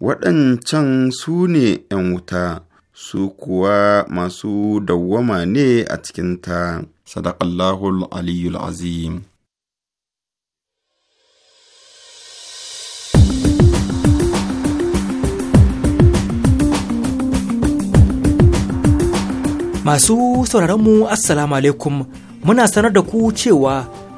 waɗancan su ne ‘yan wuta, su kuwa masu dawwama ne a cikinta, ta. aliyul azim. Masu sauraronmu Assalamu alaikum muna sanar da ku cewa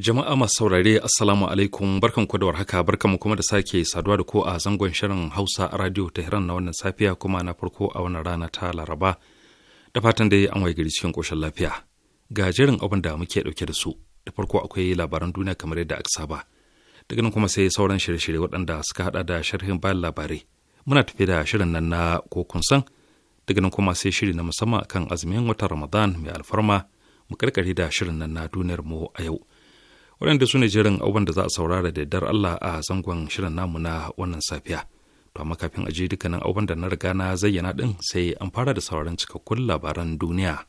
Jama'a masu saurare Assalamu alaikum barkan ku da warhaka barkan mu kuma da sake saduwa da ku a zangon shirin Hausa Radio Tehran na wannan safiya kuma na farko a wannan rana ta Laraba. Da fatan dai an waye gari cikin koshin lafiya. Ga jerin abin da muke dauke da su. Da farko akwai labaran duniya kamar yadda aka saba. Daga nan kuma sai sauran shirye-shirye waɗanda suka hada da sharhin bayan labarai. Muna tafi da shirin nan na ko kun san. Daga nan kuma sai shiri na musamman kan azumin watan Ramadan mai alfarma mu karkare da shirin nan na duniyar mu a yau. waɗanda su ne jerin abubuwan da za a saurara da dar Allah a zangon shirin namu na wannan safiya. To amma kafin a je dukkanin abubuwan da na riga na zayyana ɗin sai an fara da sauraron cikakkun labaran duniya.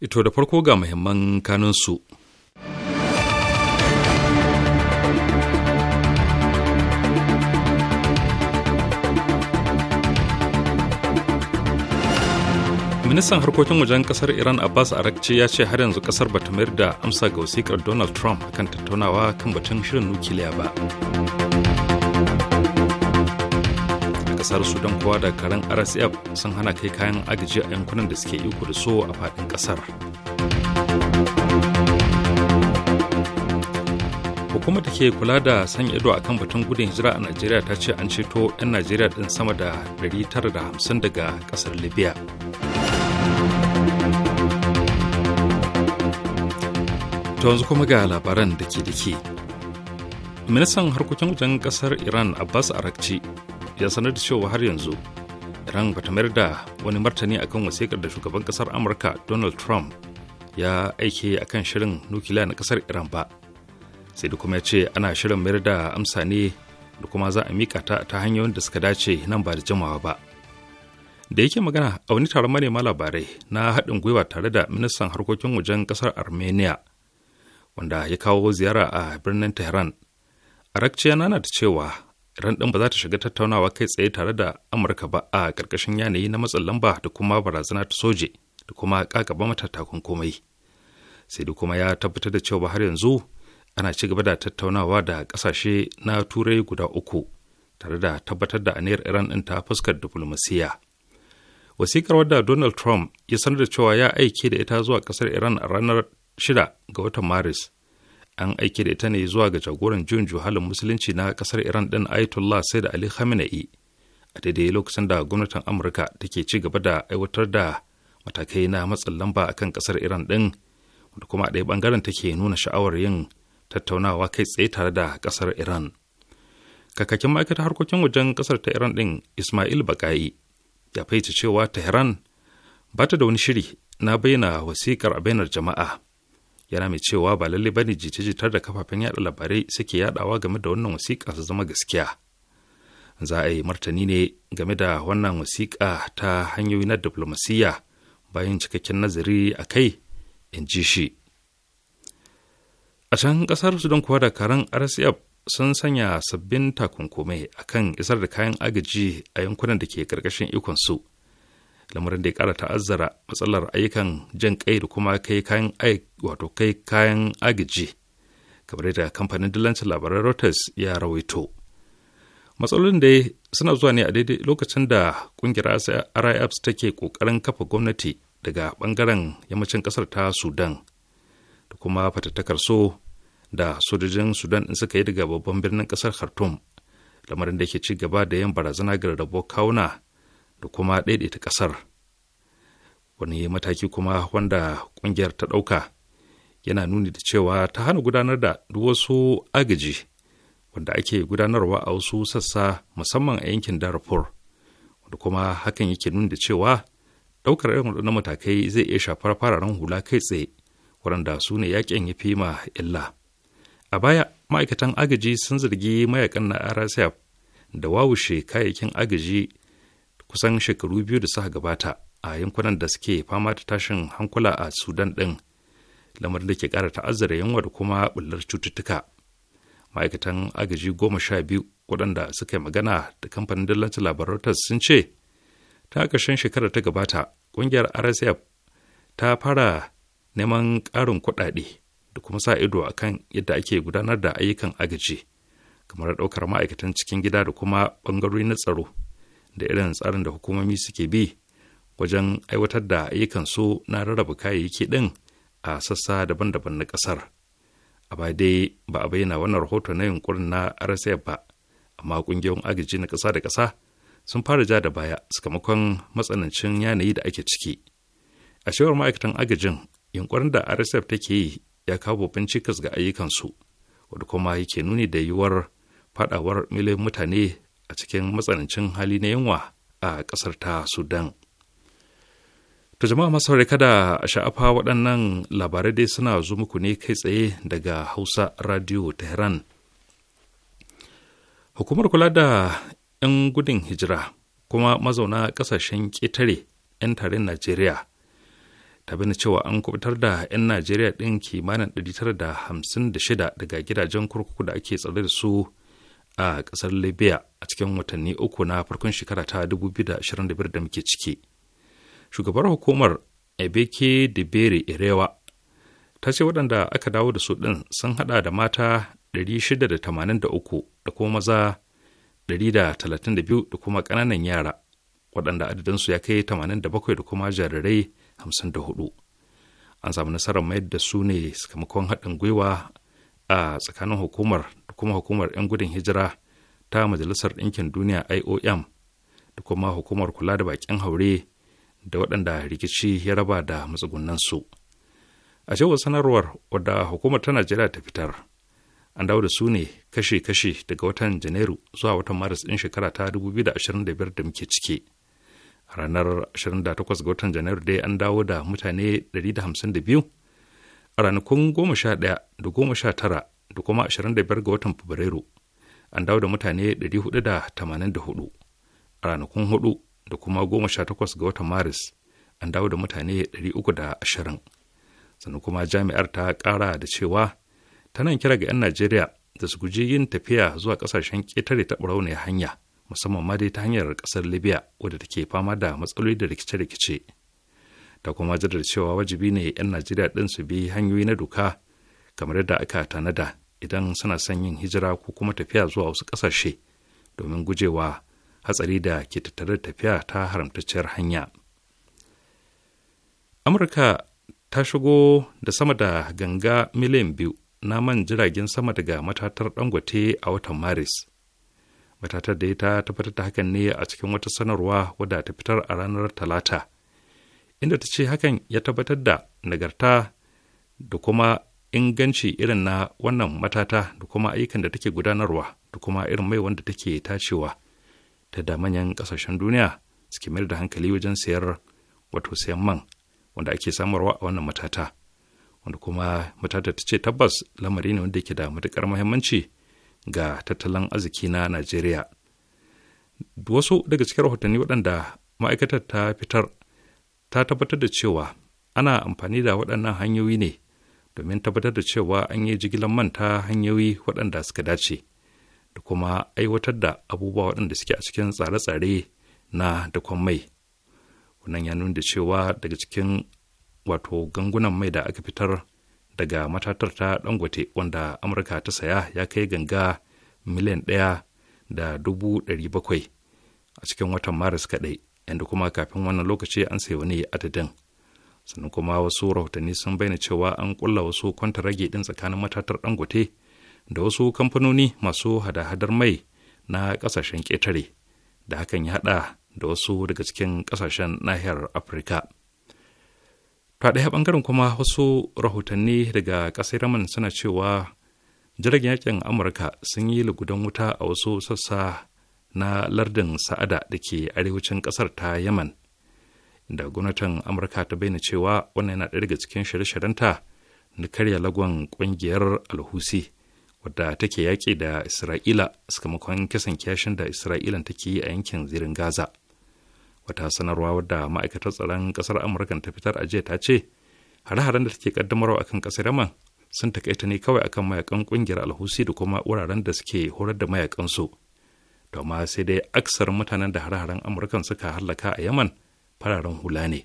Ito da farko ga muhimman kanunsu. ministan harkokin wajen kasar iran abbas arakci ya ce har yanzu kasar bata mayar da amsa ga wasikar donald trump kan tattaunawa kan batun shirin nukiliya ba a kasar sudan kowa da karen rsf sun hana kai kayan agaji a yankunan da suke iko da so a faɗin kasar hukumar da ke kula da san ido a kan batun gudun hijira a najeriya ta ce an ceto 'yan najeriya din sama da 950 daga kasar libya To yanzu kuma ga labaran da ke dake Ministan harkokin wajen kasar Iran Abbas Arakci ya sanar da cewa har yanzu Iran bata mayar da wani martani akan wasikar da shugaban kasar Amurka Donald Trump ya aike akan shirin nukiliya na kasar Iran ba. Sai da kuma ya ce ana shirin mayar da amsa ne da kuma za a mika ta ta hanyoyin da suka dace nan ba da jimawa ba. Da yake magana a wani taron manema labarai na haɗin gwiwa tare da ministan harkokin wajen ƙasar Armenia wanda ya kawo ziyara a birnin tehran arakci ya nana da cewa iran ɗin ba za ta shiga tattaunawa kai tsaye tare da amurka ba a ƙarƙashin yanayi na matsin lamba da kuma barazana ta soje da kuma ƙaƙaba mata komai sai da kuma ya tabbatar da cewa har yanzu ana ci gaba da tattaunawa da ƙasashe na turai guda uku tare da tabbatar da aniyar iran ɗin ta fuskar diflomasiyya wasikar wadda Donald Trump ya sanar da cewa ya aike da ita zuwa kasar Iran a ranar 6 ga watan Maris an aiki da ita ne zuwa ga jagoran juyin juhalin musulunci na kasar Iran din Ayatollah da Ali Khamenei a daidai lokacin da gwamnatin Amurka take ci gaba da aiwatar da matakai na matsin lamba a kan kasar Iran din wanda kuma a ɗaya bangaren take nuna sha'awar yin tattaunawa kai tsaye tare da kasar Iran. Kakakin ma'aikatar harkokin wajen kasar ta Iran din Ismail Bakayi, ya fahimci cewa Tehran ba ta da wani shiri na bayyana wasikar a bainar jama'a yana mai cewa ba lalle bane jita-jitar da kafafen yada labarai suke yadawa game da wannan wasiƙa su zama gaskiya za a yi martani ne game da wannan wasiƙa ta hanyoyi na diplomasiyya bayan cikakken nazari a kai in ji shi a can ƙasar sudan kuwa da karan rsf sun sanya sabbin takunkumai akan isar da kayan agaji a yankunan da ke karkashin ikonsu su lamarin da ya kara ta'azzara matsalar ayyukan jan kai da kuma kai kayan wato kai kayan agaji kamar da kamfanin dillancin labaran Reuters ya rawaito. Matsalolin da suna zuwa ne a daidai lokacin da kungiyar RIFs take kokarin kafa gwamnati daga bangaren yammacin kasar ta Sudan da kuma fatattakar so da sojojin Sudan in suka yi daga babban birnin kasar Khartoum lamarin da ke ci gaba da yin barazana ga rabo kauna. da kuma daidaita ƙasar wani mataki kuma wanda ƙungiyar ta ɗauka yana nuni da cewa ta hana gudanar da duk wasu agaji wanda ake gudanarwa a wasu sassa musamman a yankin darfur wanda kuma hakan yake nuni da cewa ɗaukar irin waɗannan matakai zai iya shafar fararen hula kai tsaye waɗanda su ne yaƙin ya fi ma illa a baya ma'aikatan agaji sun zargi mayakan na rsf da wawushe kayayyakin agaji kusan shekaru biyu da suka gabata a yankunan da suke fama da tashin hankula a sudan ɗin lamarin da ke ƙara ta'azzara yunwa da kuma ɓullar cututtuka ma'aikatan agaji goma sha biyu waɗanda suka yi magana da kamfanin dillancin labarotas sun ce ta ƙarshen shekarar ta gabata ƙungiyar rsf ta fara neman ƙarin kuɗaɗe da kuma sa ido akan yadda ake gudanar da ayyukan agaji kamar ɗaukar ma'aikatan cikin gida da kuma ɓangarori na tsaro da irin tsarin da hukumomi suke bi wajen aiwatar da ayyukansu na rarraba kayayyaki ɗin a sassa daban-daban na ƙasar. A ba dai ba a bayyana wannan rahoto na yunkurin na RSF ba, amma ƙungiyoyin agaji na ƙasa da ƙasa sun fara ja da baya sakamakon matsanancin yanayi da ake ciki. A cewar ma'aikatan agajin, yunkurin da RSF take yi ya kawo babban cikas ga ayyukansu, wanda kuma yake nuni da yiwuwar fadawar miliyan mutane a cikin matsanancin hali na yunwa a ƙasar ta sudan to jama'a masu kada a sha'afa waɗannan labarai dai suna zo muku ne kai tsaye daga hausa radio tehran hukumar kula da 'yan gudun hijira kuma mazauna ƙasashen ƙetare 'yan tarin najeriya ta bani cewa an kubutar da 'yan najeriya ɗin kimanin 956 daga gidajen kurkuku da ake tsare da su a ƙasar libya a cikin watanni uku na farkon shekara ta 2025 da muke ciki shugabar hukumar ebeke debere irewa ta ce waɗanda aka dawo da su ɗin sun haɗa da mata 683 da kuma maza 132 da kuma ƙananan yara waɗanda adadinsu ya kai 87 da kuma jarirai 54 an samu nasarar mayar da su ne sakamakon haɗin gwiwa a tsakanin hukumar kuma hukumar 'yan gudun hijira ta majalisar ɗinkin duniya iom da kuma hukumar kula da baƙin haure da waɗanda rikici ya raba da matsugunan su a cewar sanarwar wadda hukumar ta najeriya ta fitar an dawo da su ne kashe-kashe daga watan janairu zuwa watan maris ɗin shekara ta 2025 da muke ciki ranar 28 ga watan janairu dai an dawo da mutane 152 a ranakun 11 da 19 da kuma 25 ga watan Fabrairu an dawo da mutane 484 a ranakun 4 da kuma 18 ga watan Maris an dawo da mutane 320 sannan kuma jami'ar ta kara da cewa tana kira ga 'yan Najeriya da su guji yin tafiya zuwa kasashen ƙetare ta ne hanya musamman ma dai ta hanyar ƙasar Libya wadda take fama da matsaloli da rikice-rikice. ta kuma jaddada cewa wajibi ne 'yan najeriya ɗin su bi hanyoyi na doka kamar yadda aka tanada idan suna son yin hijira ko kuma tafiya zuwa wasu ƙasashe domin gujewa hatsari da ke tattare da tafiya ta haramtacciyar hanya. Amurka ta shigo da sama da ganga miliyan biyu na man jiragen sama daga matatar dangote a watan Maris. Matatar da ta tabbatar da hakan ne a cikin wata sanarwa wadda ta fitar a ranar Talata, inda ta ce hakan ya tabbatar da nagarta da kuma inganci irin na wannan matata da kuma ayyukan da take gudanarwa da kuma irin mai wanda take tacewa ta da manyan kasashen duniya suke mayar da hankali wajen sayar wato sayan man wanda ake samarwa a wannan matata wanda kuma matata ta ce tabbas lamari ne wanda yake da matukar muhimmanci ga tattalin arziki na najeriya wasu daga cikin rahotanni waɗanda ma'aikatar ta fitar ta tabbatar da cewa ana amfani da waɗannan hanyoyi ne domin tabbatar da cewa an yi jigilar manta hanyoyi waɗanda suka dace da kuma aiwatar da abubuwa waɗanda suke a cikin tsare-tsare na dakon mai wannan ya nuna cewa daga cikin wato gangunan mai da aka fitar daga matatar ta dangote wanda amurka ta saya ya kai ganga miliyan ɗaya da dubu ɗari bakwai a cikin watan maris kaɗai yadda kuma kafin wannan lokaci an sayi wani adadin sannan kuma wasu rahotanni sun bayyana cewa an kulla wasu rage din tsakanin matatar dangote da wasu kamfanoni masu hada-hadar mai na kasashen ketare da hakan ya hada da wasu daga cikin kasashen nahiyar afirka ta ɗaya ɓangaren kuma wasu rahotanni daga ƙasar yaman suna cewa jiragen yakin amurka sun yi lugudan wuta a wasu sassa na lardin sa'ada da ke arewacin ƙasar ta yaman da gwamnatin amurka ta bayyana cewa wannan yana ɗaya daga cikin shirye-shiryenta na karya lagon ƙungiyar alhusi wadda take yaƙi da isra'ila sakamakon kisan kyashin da isra'ilan take yi a yankin zirin gaza wata sanarwa wadda ma'aikatar tsaron ƙasar amurka ta fitar a jiya ta ce hare-haren da take kaddamarwa kan ƙasar yaman sun takaita ne kawai akan mayakan ƙungiyar alhusi da kuma wuraren da suke horar da mayakansu to sai dai aksar mutanen da hare-haren amurka suka hallaka a yaman fararen hula ne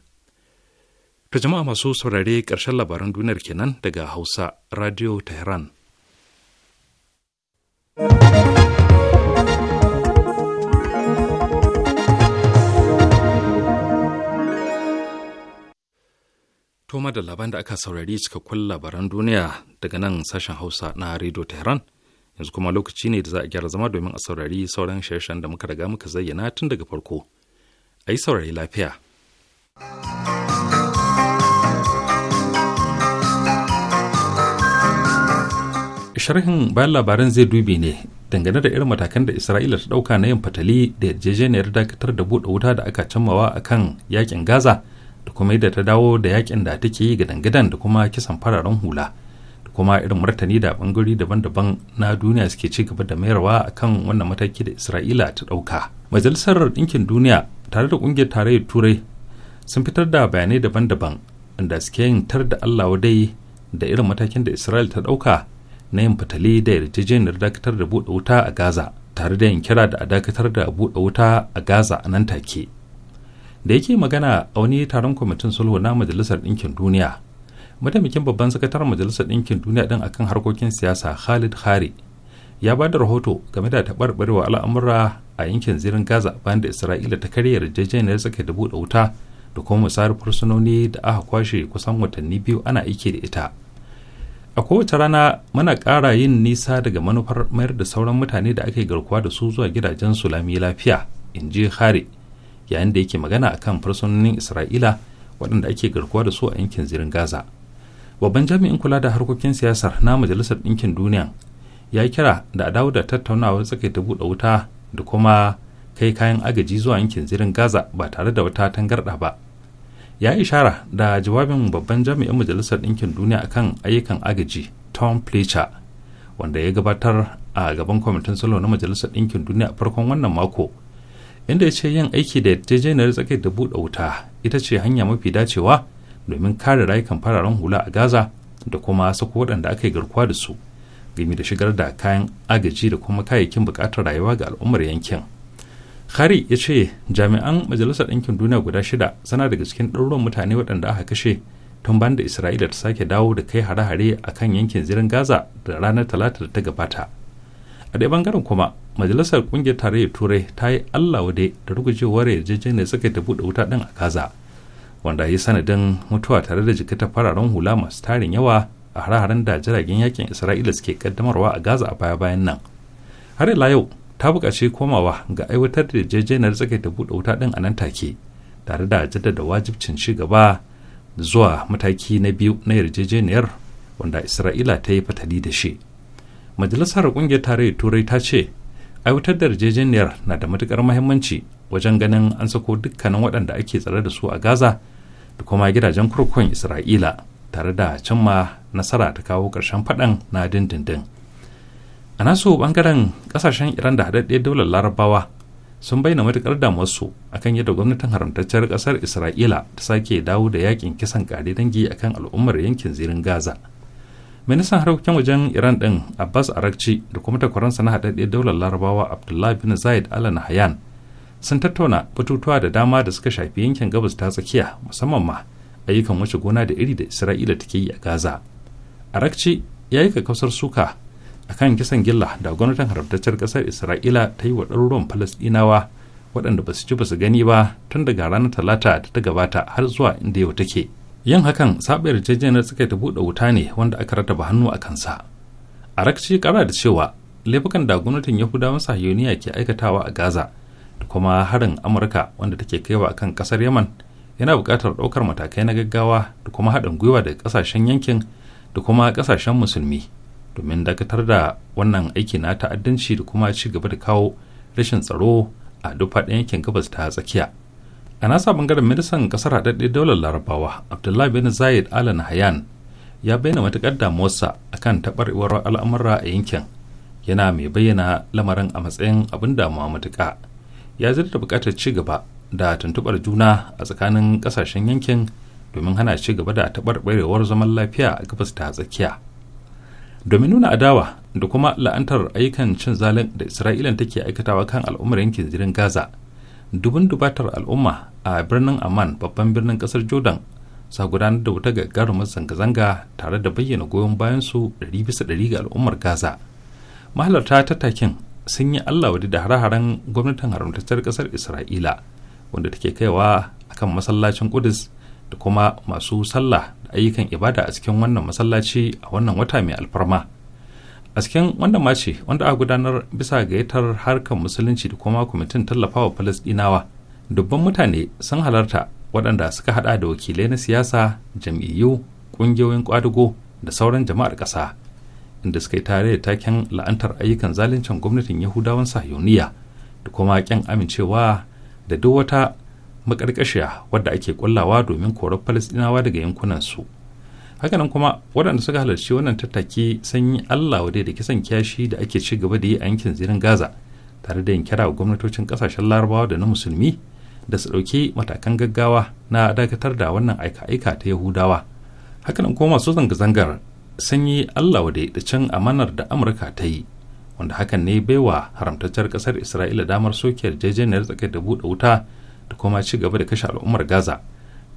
ta jama'a masu saurare ƙarshen labaran duniyar kenan daga hausa radio tehran Toma da labaran da aka saurari cikakkun labaran duniya daga nan sashen Hausa na Radio Tehran. Yanzu kuma lokaci ne da za a gyara zama domin a saurari sauran shirye da muka riga muka zayyana tun daga farko. a yi saurayi lafiya. Sharhin bayan labaran zai dubi ne dangane da irin matakan da Isra'ila ta ɗauka na yin fatali da yarjejeniyar dakatar da buɗe wuta da aka cammawa a kan yakin Gaza da kuma yadda ta dawo da yakin da take yi ga dangadan da kuma kisan fararen hula da kuma irin martani da bangare daban-daban na duniya suke ci gaba da mayarwa a kan wannan mataki da Isra'ila ta ɗauka. Majalisar Ɗinkin Duniya tare da ƙungiyar tarayyar turai sun fitar da bayanai daban-daban inda suke yin tar da allah dai da irin matakin da isra'il ta ɗauka na yin fitali da yarjejeniyar dakatar da buɗe wuta a gaza tare da yin kira da a dakatar da buɗe wuta a gaza a nan take da yake magana a wani taron kwamitin sulhu na majalisar ɗinkin duniya mataimakin babban sakataren majalisar ɗinkin duniya ɗin akan harkokin siyasa khalid hari ya ba da rahoto game da taɓarɓarewa al'amura a yankin zirin gaza bayan da isra'ila ta karya yarjejeniyar tsaka da buɗe wuta da kuma misali fursunoni da aka kwashe kusan watanni biyu ana aiki da ita a kowace rana muna ƙara yin nisa daga manufar mayar da sauran mutane da ake garkuwa da su zuwa gidajen su lami lafiya in ji hari yayin da yake magana akan fursunonin isra'ila waɗanda ake garkuwa da su a yankin zirin gaza babban jami'in kula da harkokin siyasar na majalisar ɗinkin duniya ya yi kira da a dawo da tattaunawar ta buɗe wuta da kuma kai kayan agaji zuwa yankin zirin gaza ba tare da wata tangarɗa ba ya ishara da jawabin babban jami'in majalisar ɗinkin duniya akan ayyukan agaji tom fletcher wanda ya gabatar a gaban kwamitin salo na majalisar ɗinkin duniya a farkon wannan mako inda ya ce yin aiki da yarjejeniyar tsakai da buɗe wuta ita ce hanya mafi dacewa domin kare rayukan fararen hula a gaza da kuma sako waɗanda aka yi garkuwa da su game da shigar da kayan agaji da kuma kayayyakin buƙatar rayuwa ga al'ummar yankin hari ya ce jami'an majalisar ɗinkin duniya guda shida sana daga cikin ɗaruruwan mutane waɗanda aka kashe tun ban da isra'ila ta sake dawo da kai hare-hare a kan yankin zirin gaza da ranar talata da ta gabata a ɗaya bangaren kuma majalisar ƙungiyar tarayyar turai ta yi allah wade da rugujewar yarjejeniyar suka ta buɗe wuta ɗin a gaza wanda ya sanadin mutuwa tare da jikita fararen hula masu tarin yawa a hare-haren da jiragen yakin isra'ila suke kaddamarwa a gaza a baya-bayan nan har ila yau ta buƙaci komawa ga aiwatar da yarjejeniyar tsakai ta buɗe wuta ɗin a nan take tare da jaddada wajibcin ci gaba zuwa mataki na biyu na yarjejeniyar wanda isra'ila ta yi fatali da shi majalisar ƙungiyar tarayyar turai ta ce aiwatar da yarjejeniyar na da matuƙar mahimmanci wajen ganin an sako dukkanin waɗanda ake tsare da su a gaza da kuma gidajen kurkukun isra'ila tare da cimma nasara ta kawo ƙarshen faɗan na dindindin a nasu bangaren ƙasashen iran da haɗaɗɗiyar daular larabawa sun bayyana matuƙar damuwarsu akan yadda gwamnatin haramtacciyar ƙasar isra'ila ta sake dawo da yakin kisan kare dangi akan al'ummar yankin zirin gaza ministan harkokin wajen iran din abbas arakci da kuma takwaransa na haɗaɗɗiyar daular larabawa abdullahi bin zayed al nahyan sun tattauna batutuwa da dama da suka shafi yankin gabas ta tsakiya musamman ma ayyukan wace gona da iri da isra'ila take yi a gaza arakci ya yi kakkausar suka a kan kisan gilla da gwamnatin haramtaccen ƙasar isra'ila ta yi wa ɗaruruwan falasɗinawa waɗanda ba su ci ba su gani ba tun daga ranar talata da ta gabata har zuwa inda yau take yin hakan saɓa yarjejeniyar suka ta buɗe wuta ne wanda aka rataba hannu a kansa arakci ƙara da cewa laifukan da gwamnatin yahudawan sahiyoniya ke aikatawa a gaza da kuma harin amurka wanda take kaiwa a kan ƙasar yaman yana buƙatar ɗaukar matakai na gaggawa da kuma haɗin gwiwa daga ƙasashen yankin da kuma kasashen musulmi domin dakatar da wannan aiki na ta'addanci da kuma ci gaba da kawo rashin tsaro a duk faɗin yankin gabas ta tsakiya a nasa bangaren ministan kasar haɗaɗɗe daular larabawa abdullahi bin zayed al hayan ya bayyana matuƙar damuwarsa akan taɓarɓarewar al'amura a yankin yana mai bayyana lamarin a matsayin abin damuwa matuƙa ya zarta buƙatar ci gaba da tuntuɓar juna a tsakanin ƙasashen yankin domin hana ci gaba da taɓarɓarewar zaman lafiya a gabas ta tsakiya domin nuna adawa da kuma la'antar ayyukan cin zalin da isra'ila take aikatawa kan al'ummar yankin zirin gaza dubin dubatar al'umma a birnin amman babban birnin kasar jordan sa gudanar da wata gagarumar zanga-zanga tare da bayyana goyon bayan bayansu 100% ga al'ummar gaza mahalarta ta takin sun yi allah wadi da hare-haren gwamnatin haramtattar kasar isra'ila wanda take kaiwa akan masallacin kudus da kuma masu sallah da ayyukan ibada a cikin wannan masallaci a wannan wata mai alfarma a cikin wanda mace wanda aka gudanar bisa gayyatar harkar musulunci da kuma kwamitin tallafawa falasdinawa dubban mutane sun halarta waɗanda suka haɗa da wakilai na siyasa jam'iyyu ƙungiyoyin ƙwadago da sauran jama'ar ƙasa inda suka yi tare da taken la'antar ayyukan zaluncin gwamnatin yahudawan sahiyoniya da kuma ƙyan amincewa da duk wata makarkashiya wadda ake kullawa domin korar falastinawa daga yankunansu hakanan kuma waɗanda suka halarci wannan tattaki sun yi allah wadai da kisan kiyashi da ake ci gaba da yi a yankin zirin gaza tare da yin kira gwamnatocin ƙasashen larabawa da na musulmi da su ɗauki matakan gaggawa na dakatar da wannan aika-aika ta yahudawa hakanan kuma masu zanga-zangar sun yi allah wadai da cin amanar da amurka ta yi wanda hakan ne baiwa haramtacciyar ƙasar isra'ila damar soke yarjejeniyar tsakar da buɗe wuta da kuma ci gaba da kashe al'ummar gaza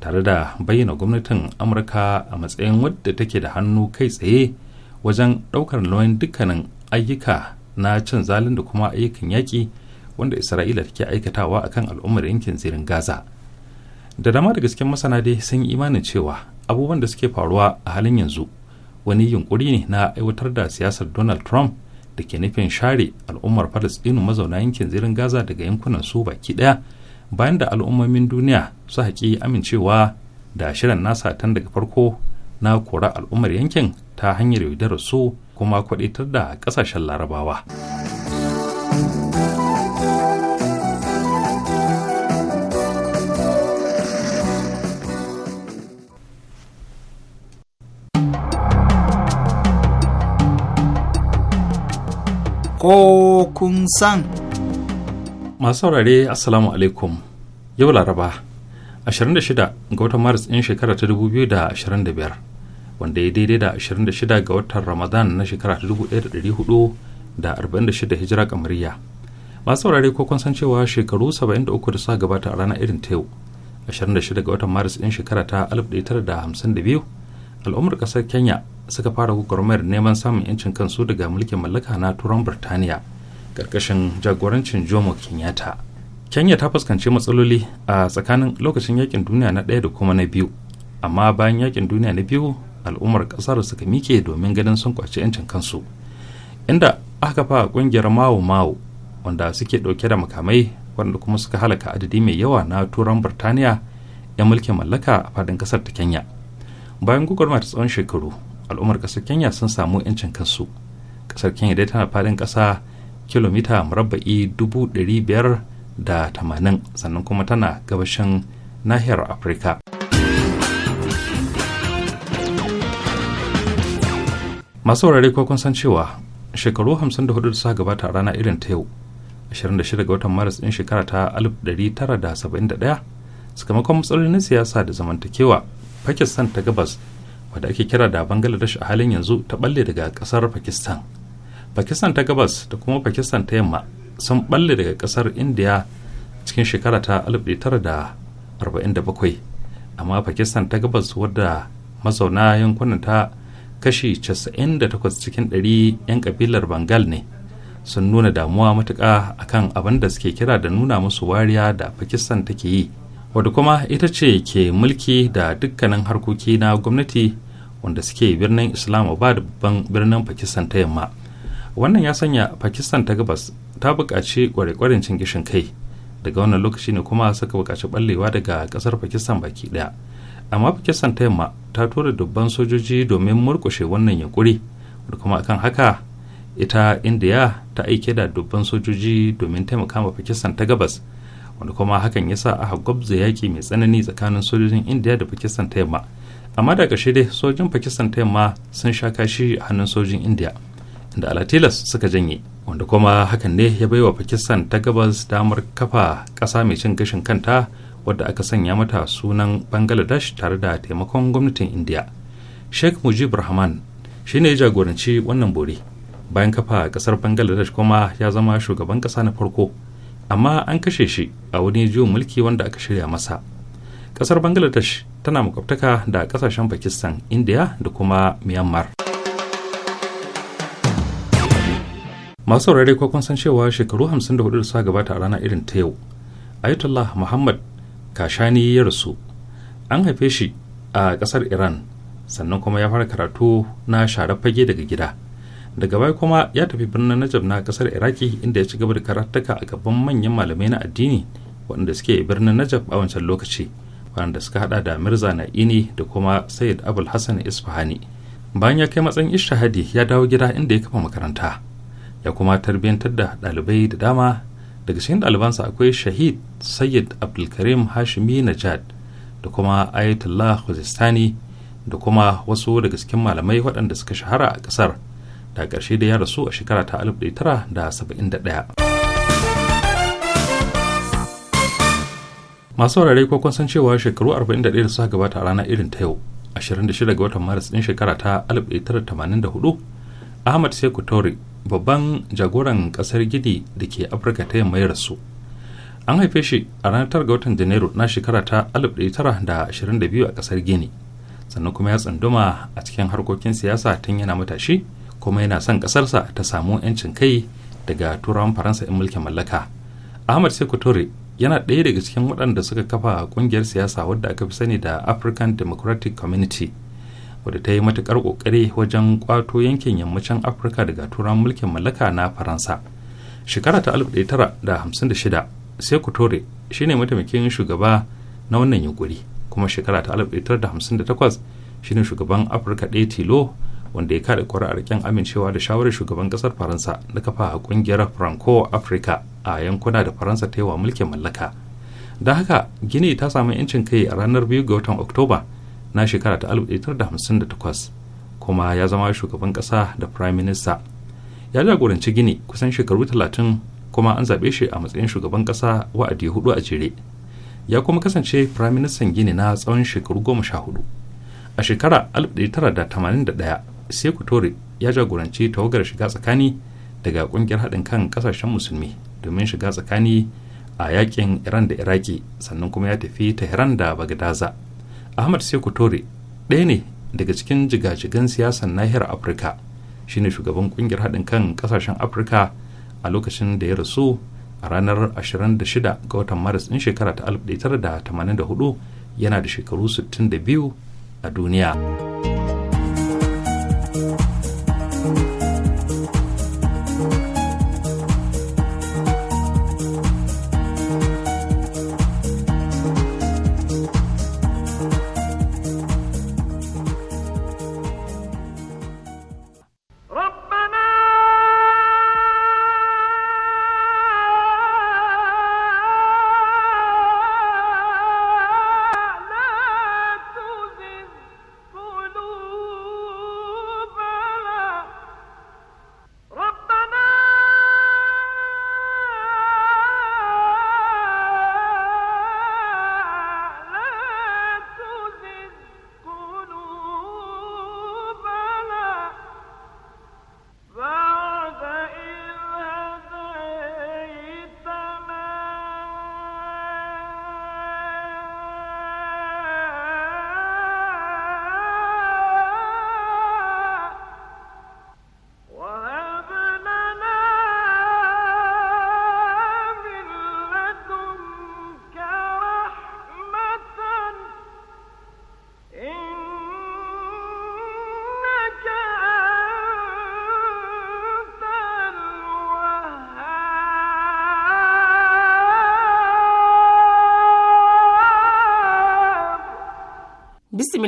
tare da bayyana gwamnatin amurka a matsayin wadda take da hannu kai tsaye wajen ɗaukar nauyin dukkanin ayyuka na cin zalin da kuma ayyukan yaƙi wanda isra'ila take aikatawa akan al'ummar yankin zirin gaza da dama da gasken masana dai sun yi imanin cewa abubuwan da suke faruwa a halin yanzu wani yunkuri ne na aiwatar da siyasar donald trump da ke nufin share al'ummar falastinu mazauna yankin zirin gaza daga yankunan su baki ɗaya. bayan da al'ummomin duniya su haƙi amincewa da shirin nasa tun daga farko na kora al'ummar yankin ta hanyar yaudarar su kuma kwaɗitar da ƙasashen larabawa. Ko kun san. masu saurare assalamu alaikum yau laraba 26 ga watan maris ɗin shekara ta 2025 wanda ya daidai da 26 ga watan ramadan na shekara ta 1446 hijira kamariya masu saurare ko kun san cewa shekaru 73 da suka gabata a rana irin ta yau 26 ga watan maris ɗin shekara ta 1952 al'ummar ƙasar kenya suka fara gwagwarmayar neman samun 'yancin kansu daga mulkin mallaka na turan birtaniya ƙarƙashin jagorancin jomo kenyatta kenya ta fuskanci matsaloli a tsakanin lokacin yakin duniya na ɗaya da kuma na biyu amma bayan yakin duniya na biyu al'ummar ƙasar suka mike domin ganin sun kwaci 'yancin kansu inda aka fa ƙungiyar mawo mawo wanda suke ɗauke da makamai wanda kuma suka halaka adadi mai yawa na turan birtaniya 'yan mulkin mallaka a fadin ƙasar ta kenya bayan gugurma ta tsawon shekaru al'ummar ƙasar kenya sun samu 'yancin kansu ƙasar kenya dai tana fadin ƙasa kilomita da 580 sannan kuma tana gabashin nahiyar afirka masu wurare ko kun san cewa shekaru 54 da suka gabata a rana irin ta yau 26 ga watan maris din shekara ta 1971 sakamakon matsalolin siyasa da zamantakewa pakistan ta gabas wadda ake kira da bangladesh a halin yanzu ta balle daga kasar pakistan pakistan ta gabas da kuma pakistan ta yamma sun balle daga kasar india cikin shekara ta 1947 amma pakistan ta gabas wadda mazauna yankunan ta kashi 98 cikin 100 'yan kabilar bengal ne sun nuna damuwa matuƙa akan abin da suke kira da nuna musu wariya da pakistan take yi wadda kuma ita ce ke mulki da dukkanin harkoki na gwamnati wanda suke birnin islamabad babban birnin pakistan ta yamma wannan ya sanya pakistan ta gabas ta buƙaci kware-kwaren cin gishin kai daga wannan lokaci ne kuma suka buƙaci ɓallewa daga ƙasar pakistan baki ɗaya amma pakistan ta yamma ta tura dubban sojoji domin murƙushe wannan yankuri da kuma akan haka ita indiya ta aike da dubban sojoji domin taimaka ma pakistan ta gabas wanda kuma hakan ya sa aka gwabza yaƙi mai tsanani tsakanin sojojin indiya da pakistan ta yamma amma da ƙarshe dai sojin pakistan ta yamma sun sha kashi a hannun sojin indiya da alatilas suka janye wanda kuma hakan ne ya baiwa pakistan ta gabas damar kafa ƙasa mai cin gashin kanta wadda aka sanya mata sunan bangladesh tare da taimakon gwamnatin india sheikh mujib rahman shine ya jagoranci wannan bori bayan kafa ƙasar bangladesh kuma ya zama shugaban ƙasa na farko amma an kashe shi a wani juyin mulki wanda aka shirya masa ƙasar bangladesh tana makwabtaka da ƙasashen pakistan india da kuma myanmar masu saurari ko kun san cewa shekaru 54 da suka gabata a rana irin ta yau ayatollah muhammad kashani ya rasu an haife shi a kasar iran sannan kuma ya fara karatu na share fage daga gida daga baya kuma ya tafi birnin najab na kasar iraki inda ya ci gaba da karatuka a gaban manyan malamai na addini waɗanda suke birnin najab a wancan lokaci waɗanda suka hada da mirza na'ini da kuma sayyid abul hassan isfahani bayan ya kai matsayin ishtahadi ya dawo gida inda ya kafa makaranta ya kuma tarbiyyantar da ɗalibai da dama daga cikin ɗalibansa akwai shahid sayyid abdulkarim hashimi najad da kuma ayatollah khuzistani da kuma wasu daga cikin malamai waɗanda suka shahara a kasar da ƙarshe da ya rasu a shekara ta 1971 masu wurare ko kun san cewa shekaru 41 da suka gabata a rana irin ta yau 26 ga watan maris ɗin shekara ta 1984 ahmad sekou toure babban jagoran kasar gidi da ke afirka ta yamma ya rasu an haife shi a ranar tara ga watan janairu na shekara ta 1922 a kasar gini sannan kuma ya tsunduma a cikin harkokin siyasa tun yana matashi kuma yana son kasarsa ta samu 'yancin kai daga turawan faransa 'yan mulkin mallaka ahmad sekou yana ɗaya daga cikin waɗanda suka kafa ƙungiyar siyasa wadda aka fi sani da african democratic community wadda ta yi matukar kokari wajen kwato yankin yammacin afirka daga turan mulkin mallaka na faransa shekara ta 1956 sai kutore shine mataimakin shugaba na wannan yunkuri kuma shekara ta 1958 shine shugaban afirka ɗaya tilo wanda ya kada kuri'ar kyan amincewa da shawarar shugaban ƙasar faransa na kafa ƙungiyar franco africa a yankuna da faransa ta yi wa mulkin mallaka don haka gini ta samu 'yancin kai a ranar biyu ga watan oktoba na shekara ta 1958 kuma ya zama shugaban ƙasa da prime minister ya jagoranci gini kusan shekaru 30 kuma an zaɓe shi a matsayin shugaban ƙasa wa'adi hudu a jere ya kuma kasance prime minister gini na tsawon shekaru goma sha hudu. a shekara 1981 sai kutore ya jagoranci tawagar shiga tsakani daga kungiyar haɗin kan ƙasashen musulmi domin shiga tsakani a yakin iran da iraki sannan kuma ya tafi tehran da bagdaza ahmad seku tore ɗaya ne daga cikin jigajigan siyasar nahiyar afirka ne shugaban kungiyar haɗin kan ƙasashen afirka a lokacin da ya rasu a ranar 26 ga watan maris ɗin shekara ta 1984 yana da shekaru 62 a duniya.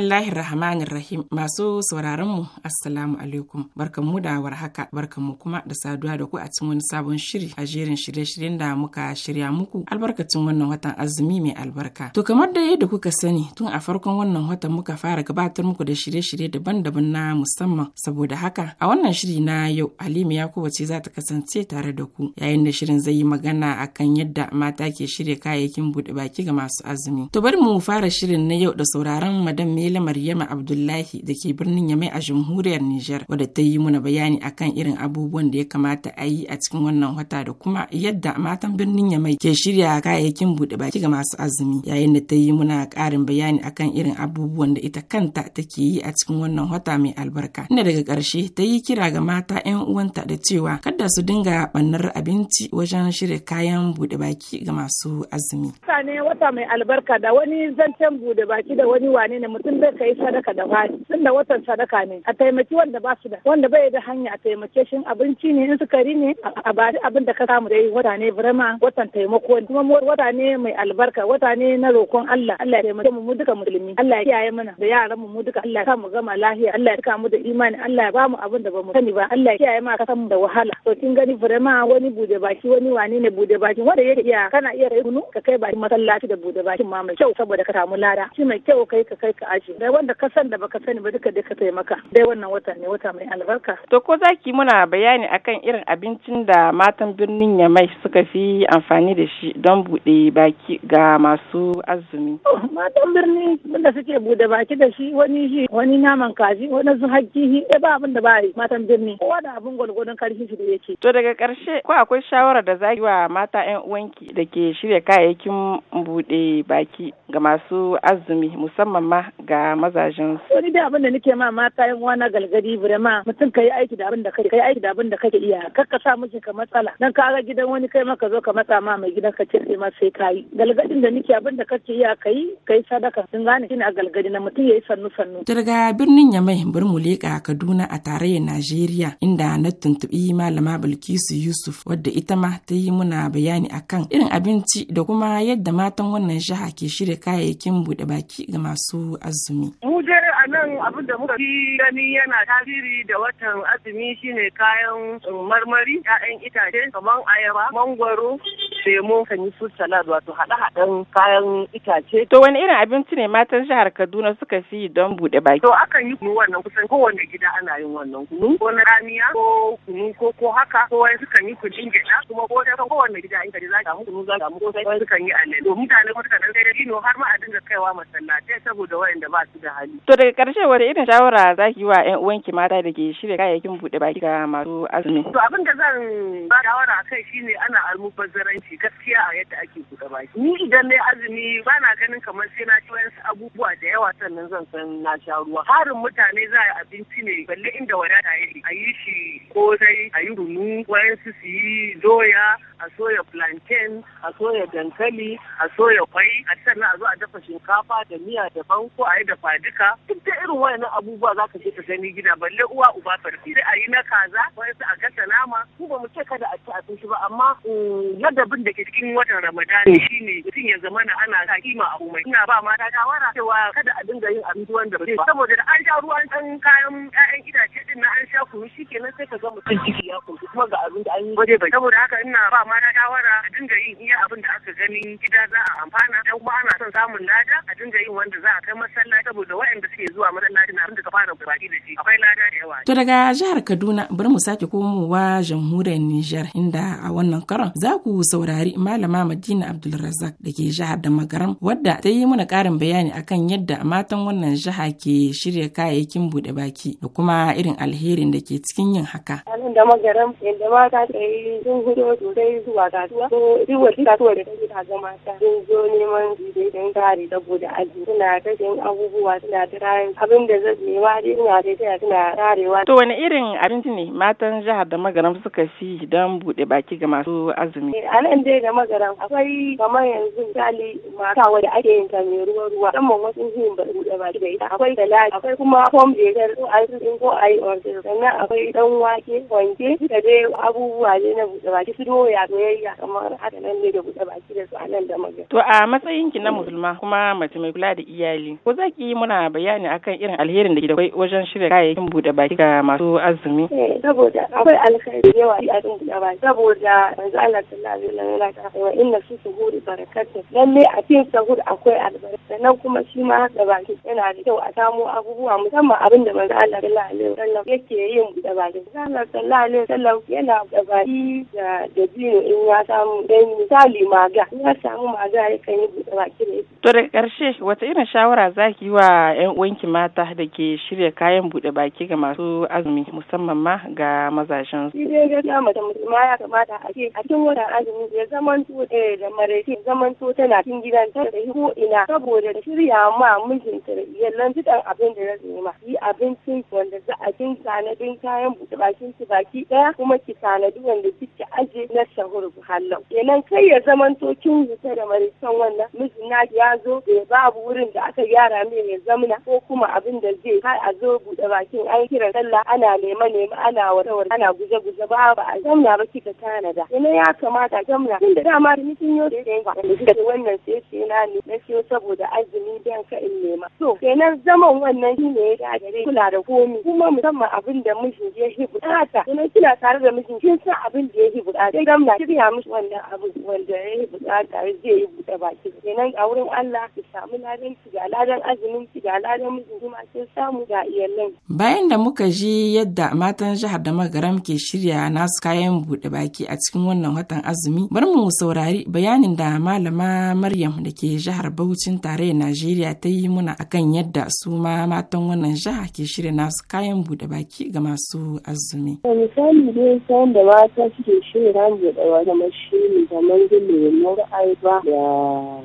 bismillahir rahmanir rahim masu sauraron mu assalamu alaikum barkanmu da warhaka barkanmu kuma da saduwa da ku a cikin wani sabon shiri a jerin shirye-shiryen da muka shirya muku albarkacin wannan watan azumi mai albarka to kamar da yadda kuka sani tun a farkon wannan watan muka fara gabatar muku da shirye-shirye daban-daban na musamman saboda haka a wannan shiri na yau Halima Yakubu ce za ta kasance tare da ku yayin da shirin zai yi magana akan yadda mata ke shirya kayayyakin buɗe baki ga masu azumi to bari mu fara shirin na yau da sauraron madam Mela wakilin Maryama Abdullahi da ke birnin Yamai a jamhuriyar Nijar wadda ta yi muna bayani akan irin abubuwan da ya kamata a yi a cikin wannan wata da kuma yadda matan birnin Yamai ke shirya kayayyakin buɗe baki ga masu azumi yayin da ta yi muna ƙarin bayani akan irin abubuwan da ita kanta take yi a cikin wannan wata mai albarka. Ina daga ƙarshe ta yi kira ga mata 'yan uwanta da cewa kada su dinga ɓannar abinci wajen shirya kayan buɗe baki ga masu azumi. Mutane wata mai albarka da wani zancen buɗe baki da wani wane ne mutum zai ka yi sadaka da fari tun da watan sadaka ne a taimaki wanda ba su da wanda bai da hanya a taimake shi abinci ne in sukari ne a bari abin da ka samu dai wata ne birama watan taimako ne kuma wata ne mai albarka wata ne na roƙon Allah Allah ya taimake mu mu duka musulmi Allah ya kiyaye mana da yaran mu mu duka Allah ya sa gama lafiya Allah ya saka mu da imani Allah ya ba mu abin da mu sani ba Allah ya kiyaye ma kasan mu da wahala to kin gani birama wani bude baki wani wani ne bude baki wanda yake iya kana iya kai kunu ka kai ba masallaci da bude bakin ma mai kyau saboda ka samu lada shi mai kyau kai ka kai ka aje da wanda ka san da baka sani ba duka ka taimaka dai wannan wata ne wata mai albarka to ko za zaki muna bayani akan irin abincin da matan birnin ya Yamai suka fi amfani da shi don bude baki ga masu azumi oh, matan birni da suke bude baki da shi wani shi wani naman kaji wani su haƙƙi shi eh, ba abin da ba yi matan birni kowa da abin gwalgwadon karfi shi da yake to daga karshe ko akwai shawara da zaki wa mata yan uwanki da ke shirya kayayyakin bude baki ga masu azumi musamman ma ga a mazajen su. Wani da abin da nake ma mata yan wana galgadi ma mutum ka yi aiki da abin da kake kai aiki da abin da kake iya kar ka sa miji ka matsala dan ka ga gidan wani kai maka zo ka matsa ma mai gidan ka ce sai ma sai ka yi galgadin da nake abin da kake iya kai kai sadaka sun gane ne a galgadi na mutum ya yi sannu sannu. Daga birnin Yamai bari mu leƙa Kaduna a tarayyar Najeriya inda na tuntubi malama Bilkisu Yusuf wadda ita ma ta yi muna bayani akan irin abinci da kuma yadda matan wannan jiha ke shirya kayayyakin buɗe baki ga masu azu. azumi. Mu dai a nan abin da muka gani yana tasiri da watan azumi shine kayan marmari, 'ya'yan itace kamar ayaba, mangwaro, lemo kan yi fruit salad wato haɗe-haɗen kayan itace. To wani irin abinci ne matan jihar Kaduna suka fi don buɗe baki? To akan yi kunu wannan kusan kowane gida ana yin wannan kunu ko na ramiya ko kunu ko ko haka ko wani sukan yi ɗin gyaɗa kuma ko da kowane gida in ka za ka mu kunu za ka mu ko sai wani sukan yi alele. To mutane ko sukan sai da dino har ma a dinga kaiwa masallatai saboda wayanda ba ba su da hali. To daga karshe wata irin shawara za ki yi wa 'yan uwanki mata da ke shirya kayayyakin buɗe baki ga masu azumi. To abin da zan ba shawara a kai shine ana almubazzaranci gaskiya a yadda ake buɗe baki. Ni idan na azumi ba na ganin kamar sai na ci wayansu abubuwa da yawa sannan zan san na sha ruwa. Harin mutane za a abinci ne balle inda wadata yi a yi shi ko sai a yi runu wayansu su yi doya a soya plantain a soya dankali a soya kwai a sannan a zo a dafa shinkafa da miya daban ko a yi da fadika duk da irin wani abubuwa za ka je ka gani gida balle uwa uba farfi da a yi na kaza Wai su a gasa nama ku ba mu ce kada a ci abinci ba amma mm, ladabin da ke cikin watan ramadani mm. shine mutum ya zama na ana sa kima a umai ina ba mata shawara cewa kada a dinga yin abinci wanda ba saboda da an sha ruwan dan kayan ƴaƴan gidaje din na an sha kunu shikenan sai ka ga mutum ciki ya kunu. kuma ga abin da an yi waje bai saboda haka ina ba mata shawara a dinga yin iya abin da aka gani gida za a amfana dan kuma ana son samun lada a dinga yin wanda za a kai masallaci saboda waɗanda suke zuwa masallaci na da ka fara gurbaɗi da shi akwai lada da yawa. To daga jihar Kaduna bari mu sake komowa jamhuriyar Nijar inda a wannan karon za ku saurari malama Madina Abdulrazak da ke jihar da Magaram wadda ta yi mana ƙarin bayani akan yadda matan wannan jiha ke shirya kayayyakin buɗe baki da kuma irin alherin da ke cikin yin haka. Anan da Magaram yadda mata ta yi sun hudo sosai zuwa kasuwa ko duk wata kasuwa da ta ta ga mata sun zo neman jidai don kare da aji suna kashin abubuwa abubuwa suna tirayin abin da zai yi nema dai ina dai tana suna rarewa. To wani irin abinci ne matan jihar da magaram suka fi don buɗe baki ga masu azumi? A nan dai da magaram akwai kamar yanzu misali mata wadda ake yin ta mai ruwa ruwa musamman wasu yin ba buɗe baki da ita akwai salati akwai kuma fom bekar ko a yi ko a yi order sannan akwai ɗan wake wanke da dai abubuwa ne na buɗe baki su doya soyayya kamar haka nan ne da buɗe baki da su a nan da magaram. To a matsayin ki na musulma kuma mace mai kula da iyali ko za baki muna bayani akan irin alherin da ke da wajen shirya kayayyakin buɗe baki ga masu azumi. Eh, saboda akwai alheri yawa a cikin buɗe baki saboda manzo Allah sallallahu alaihi wasallam yana ta wa inna fi suhuri barakatun ne a cikin suhur akwai albarka Nan kuma shi ma haka baki yana da kyau a samu abubuwa musamman abin da manzo Allah sallallahu alaihi wasallam yake yin buɗe baki. Manzo Allah sallallahu alaihi sallam yana buɗe baki da dabino in ya samu dan misali maga ya samu maga yakan yi buɗe baki da To da ƙarshe wata irin shawara zaki yi wa 'yan uwanki mata da ke shirya kayan buɗe baki ga masu azumi musamman ma ga mazajen su. Ƙungiyar na da musulma ya kamata a ce a cikin wata azumi ya zaman to eh, da maraice zaman to tana cikin gidan ta da ko ina saboda da shirya ma mijinta da iyalan su dan abin da zai ma yi abincin wanda za a cin sanadin kayan buɗe bakin su baki ɗaya kuma ki tanadi wanda kike aje na shahur buhallau. Kenan kai ya zaman to kin wuta da maraicen wannan mijin ya zo ya eh, babu wurin da aka gyara mai mutum zamna ko kuma abin da zai har a zo buɗe bakin an kira sallah ana nema nema ana warwar ana guje guje ba ba a zamna ba kika tanada ina ya kamata zamna tun da dama ni kin yo da yayin da ce wannan sai ce na ni na siyo saboda azumi dan ka in nema to kenan zaman wannan ne ya da gare kula da komi kuma musamman abin da mijin ya yi bukata kenan kina tare da mijin kin san abin da ya yi bukata sai zamna shirya mishi wannan abu wanda ya yi bukata zai yi buɗe bakin kenan a wurin Allah ki samu ladan ki ga ladan zumunci ga al'adar mutunzuma samu ga iyalan. Bayan da muka ji yadda matan jihar da magaram ke shirya nasu kayan buɗe baki a cikin wannan watan azumi bar mu saurari bayanin da malama Maryam da ke jihar Bauchin tarayyar Najeriya ta yi muna akan yadda su ma matan wannan jiha ke shirya nasu kayan buɗe baki ga masu azumi. Misali dai san da mata suke shirya kayan buɗe baki kamar shi ne kamar gilin ra'ayi ba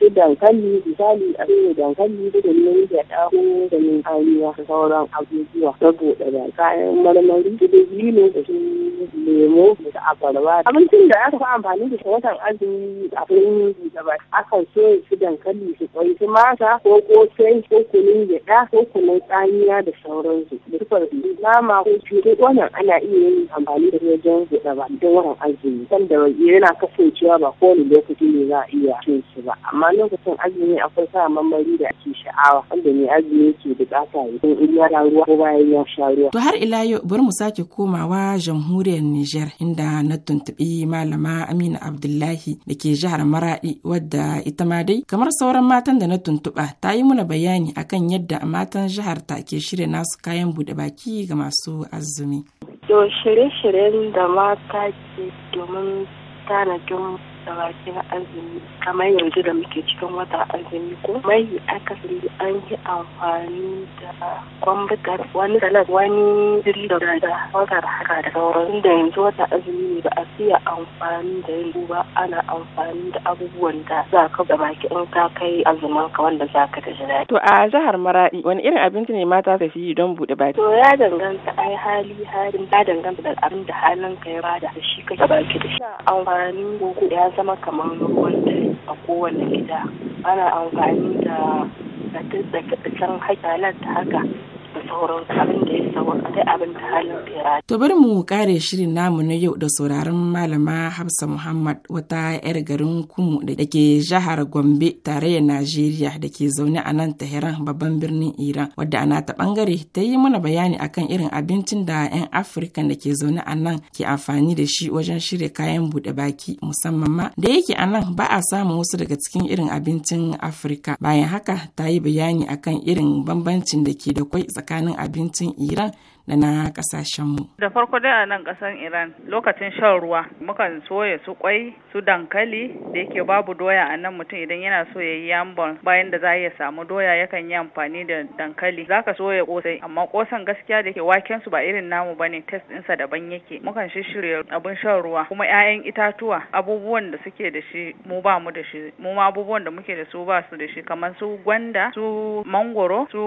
da dankali misali a dankali da da ko da min ainiya da sauran abubuwa saboda buɗe da kayan marmari da dabino da su lemo da abarba abincin da aka fi amfani da shi watan azumi abin gaba akan so su dankali su kwai su mata ko kosai ko kunun gyaɗa ko kunun tsamiya da sauransu da sufar nama ko shi wannan ana iya yin amfani da wajen buɗe ba don wannan azumi sanda yana kasancewa ba kowane lokaci ne za a iya cin su ba amma lokacin azumi akwai sa mamari da ake sha'awa wanda ne azumi da bukata idan in ruwa ko bayan ya sha ruwa. To har ila yau bari mu sake komawa jamhuriyar Nijar inda na tuntuɓi malama Amina Abdullahi da ke jihar Maradi wadda ita ma dai kamar sauran matan da na tuntuɓa ta yi mana bayani akan yadda matan jihar ta ke shirya nasu kayan buɗe baki ga masu azumi. To shirye-shiryen da mata ke domin tanadin gabaki na azumi kamar yanzu da muke cikin wata azumi ko mai akasari an yi amfani da kwambutar wani salad wani jiri da wagar haka da sauran da yanzu wata azumi ne ba a siya amfani da yin ba ana amfani da abubuwan da za ka baki in ka kai azumin ka wanda za ka ji daɗi. To a jihar Maradi wani irin abinci ne mata su fi don buɗe baki? To ya danganta ai hali halin ya danganta da abin da halin ka ya bada da shi kake baki da shi. Amfani ko ya zama kamar ruwan dare a kowane gida ana amfani da tsakitsakin haƙalar ta haka sauransu To bari mu kare shirin namu na yau da sauraron malama Hafsa Muhammad wata 'yar garin Kumu da ke jihar Gombe tarayyar Najeriya da ke zaune a nan Tehran babban birnin Iran wadda ana ta bangare ta yi mana bayani akan irin abincin da 'yan Afirka da ke zaune a nan ke amfani da shi wajen shirya kayan buɗe baki musamman ma da yake a nan ba a samun wasu daga cikin irin abincin Afirka bayan haka ta yi bayani akan irin bambancin da ke da kwai tsakanin dukkanin abincin Iran da na kasashenmu. Da farko dai a nan kasan Iran lokacin shan ruwa mukan soya su kwai su dankali da yake babu doya a nan mutum idan yana so ya yi yambon bayan da za ya samu doya yakan yi amfani da dankali za ka soya kosai amma kosan gaskiya da ke waken su ba irin namu bane test ɗinsa daban yake mukan shirya abin shan ruwa kuma ƴaƴan itatuwa abubuwan da suke da shi mu ba mu da shi mu ma abubuwan da muke da su ba su da shi kamar su gwanda su mangoro su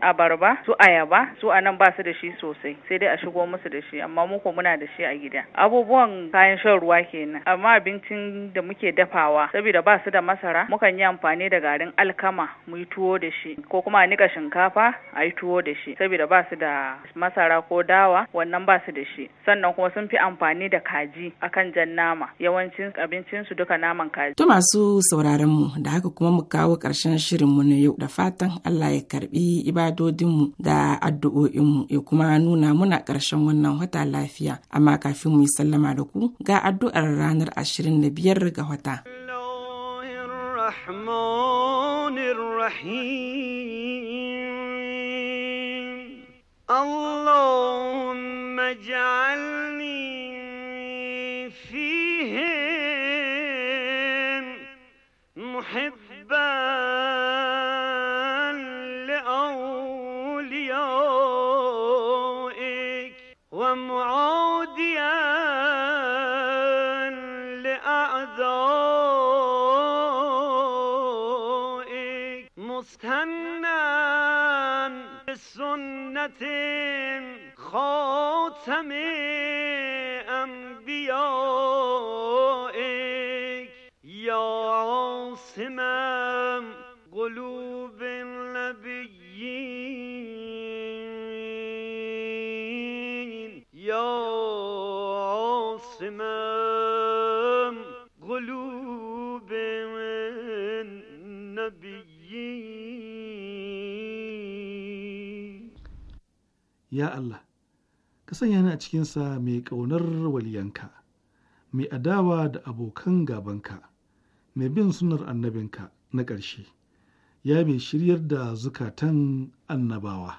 abarba su ayaba su anan ba su da shi sosai sai dai a shigo musu da shi amma muku muna da shi a gida abubuwan kayan shan ruwa kenan amma abincin da muke dafawa saboda ba su da masara mukan yi amfani da garin alkama mu yi tuwo da shi ko kuma a nika shinkafa a yi tuwo da shi saboda ba su da masara ko dawa wannan ba su da shi sannan kuma sun fi amfani da kaji akan jan nama yawancin abincin su duka naman kaji to masu sauraron mu da haka kuma mu kawo karshen shirin mu na yau da fatan Allah ya karbi ibadodin mu da addu'o'in mu ya kuma kuma nuna muna ƙarshen wannan wata lafiya amma kafin mu yi sallama da ku ga addu'ar ranar 25 ga wata. اللهم اجعل حضرت خاتم انبیاء یا عاصم قلوب نبیین یا عاصم ya Allah ka sanya ni a cikinsa mai ƙaunar waliyanka mai adawa da abokan gabanka mai bin sunar annabinka na ƙarshe ya mai shiryar da zukatan annabawa.